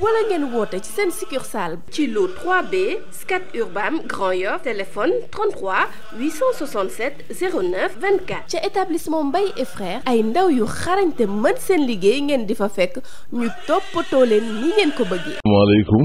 wala ngeen woote ci seen succursale ci lu 3B Scat Urbam Grand Yoff téléphone ca établissement Mbaye et ay ndaw yu xarañte mën seen liggéey ngeen di fa fekk ñu toppatoo leen ni ngeen ko bëggee asalaamaaleykum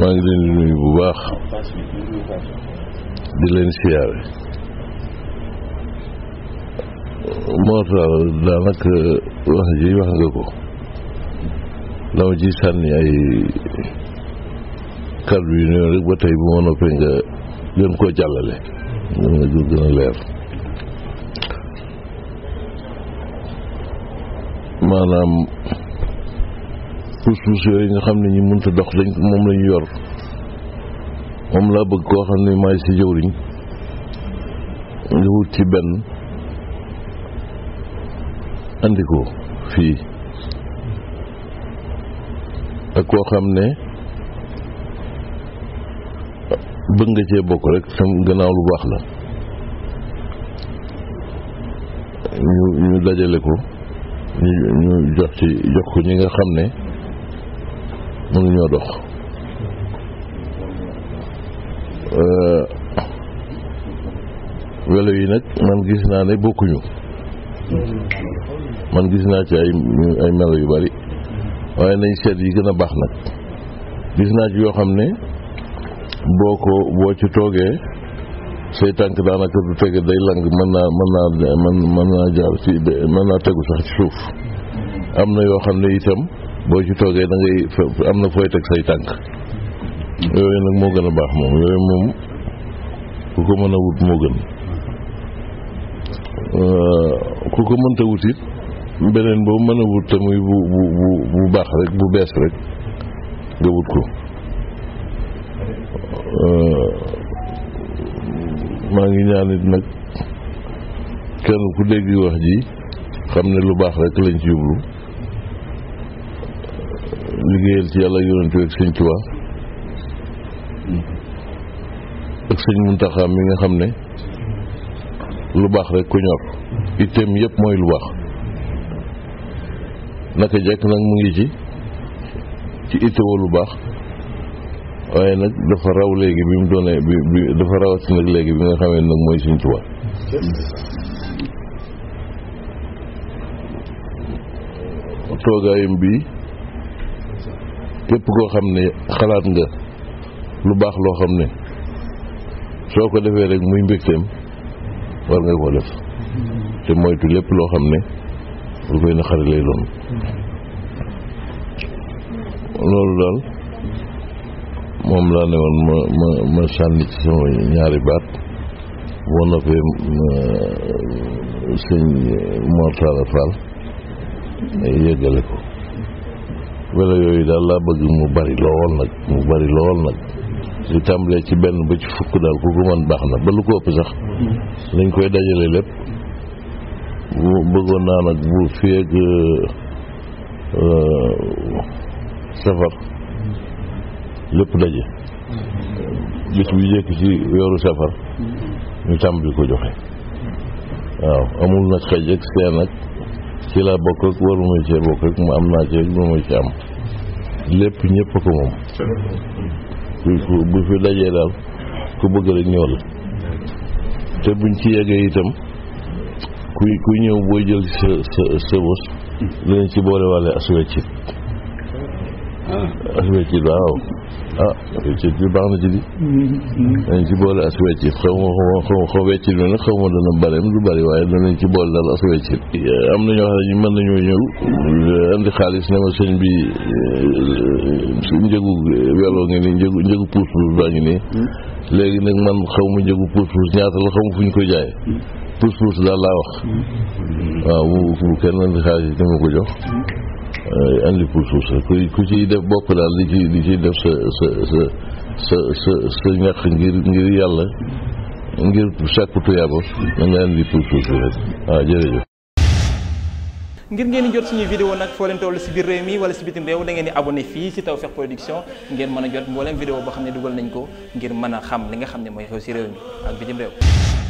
wa ngi leen di bu baax di leen siyaare Mor Talla daanaka wax ji wax nga ko dama ji sànni ay kàddu yu néew rek ba tey bu ma noppee nga gën koo jàllale. leer maanaam puus-puus yooyu nga xam ne ñi mënta dox dañ ko moom lañu yor moom laa bëgg koo xam ne maay si jëwriñ nga wut ci benn. andikoo fii ak koo xam ne bëgg nga cee bokk rek tam gannaaw lu baax la ñu ñu dajale ko ñu ñu jox ci jox ko ñi nga xam ne mënu ñoo dox euh, welo yi nag man gis naa ne bokkuñu man gis naa ci ay ay melo yu bari waaye nañ seet yi gën a baax nag gis naa ci yoo xam ne boo ko boo ci toogee say tànk daanaka du tege day lang mën naa mën naa mën mën naa jaar ci mën naa tegu sax ci suuf am na yoo xam ne itam boo ci toogee da am na fooy teg say tànk yooyu nag moo gën a baax moom yooyu moom ku ko mën a wut moo gën Euh, ku ko mënta wutit beneen boobu mën a wut te bu bu bu baax rek bu bees rek nga wut ko euh, maa ngi ñaanit nag kenn ku dégg wax ji xam ne lu baax rek lañ ci yublu euh, liggéeyal ci yàlla yonent ak sëñ Tuubaa ak sëñ Muntaxa mi nga xam ne lu baax rek ku ñor itteem yépp mooy lu baax naka jekk nag mu ngi ci ci ittewoo lu baax waaye nag dafa raw léegi bi mu doonee bi bi dafa rawati nag léegi bi nga xamee nag mooy Sëriñ Tuubaa toogaayam bii képp koo xam ne xalaat nga lu baax loo xam ne soo ko defee rek muy mbégteem war nga koo def te moytu lépp loo xam ne lu koy naqari lay doon loolu daal moom laa ne woon ma ma sànni ci sama ñaari baat boo noppee sëñ Mortala Fall yëggale ko wala yooyu daal laa bëgg mu bari lool nag mu bari lool nag yu tàmbalee ci benn ba ci fukk daal ku ko mën baax na ba lu ko ëpp sax lañ koy dajale lépp mu bëggoon naa nag bu feeg euh, safar lépp daje bi bu jëkk ci weeru safar ñu tàmbali ko joxe waaw amul nag xëj ak seen ak ci laa bokk ak waruma cee bokk ak mu am naa ci ak lu ma ci am lépp ñëpp ko moom bu fi dajee daal ku bëgg rek ñëw la te buñ ci yeggee itam kuy ku ñëw booy jël sa sa sa bos dinañ ci boole waale as weccit asweecit waaw ah asweecit bi baax na ci di dañ ci boole as xaw ma xaw ma xaw weccit bi nag xaw ma dana bareem du bari waaye danañ ci boole daal asweecit eh, am na ñoo xam ne mën nañoo ñëw eh, andi xaalis ne ma bi eh, njëgu weloo ngi nii njëgu njëgu puus puus baa ngi nii léegi nag man xaw ma njëgu puus puus ñaata la xaw ma fu ñu jaay puus puus daal laa wax mm. waaw bu kenn andi xaalis dama ko jox Eh, andi pour suuf sa ku ku ciy def bopp daal di ci di ciy def sa sa sa sa sa sa ñax ngir ngir yàlla ngir sàkku tuyaaba na nga andi pour suuf sa rek waaw ah, ngir ngeen jot suñu vidéo nag foo leen toll si biir réew mi wala si bitim réew da ngeen di abonné fii si Tawfekh Production ngeen mën a jot mbooleem vidéo boo xam ne dugal nañ ko ngir mën a xam li nga xam ne ma xew si réew mi ak bitim réew.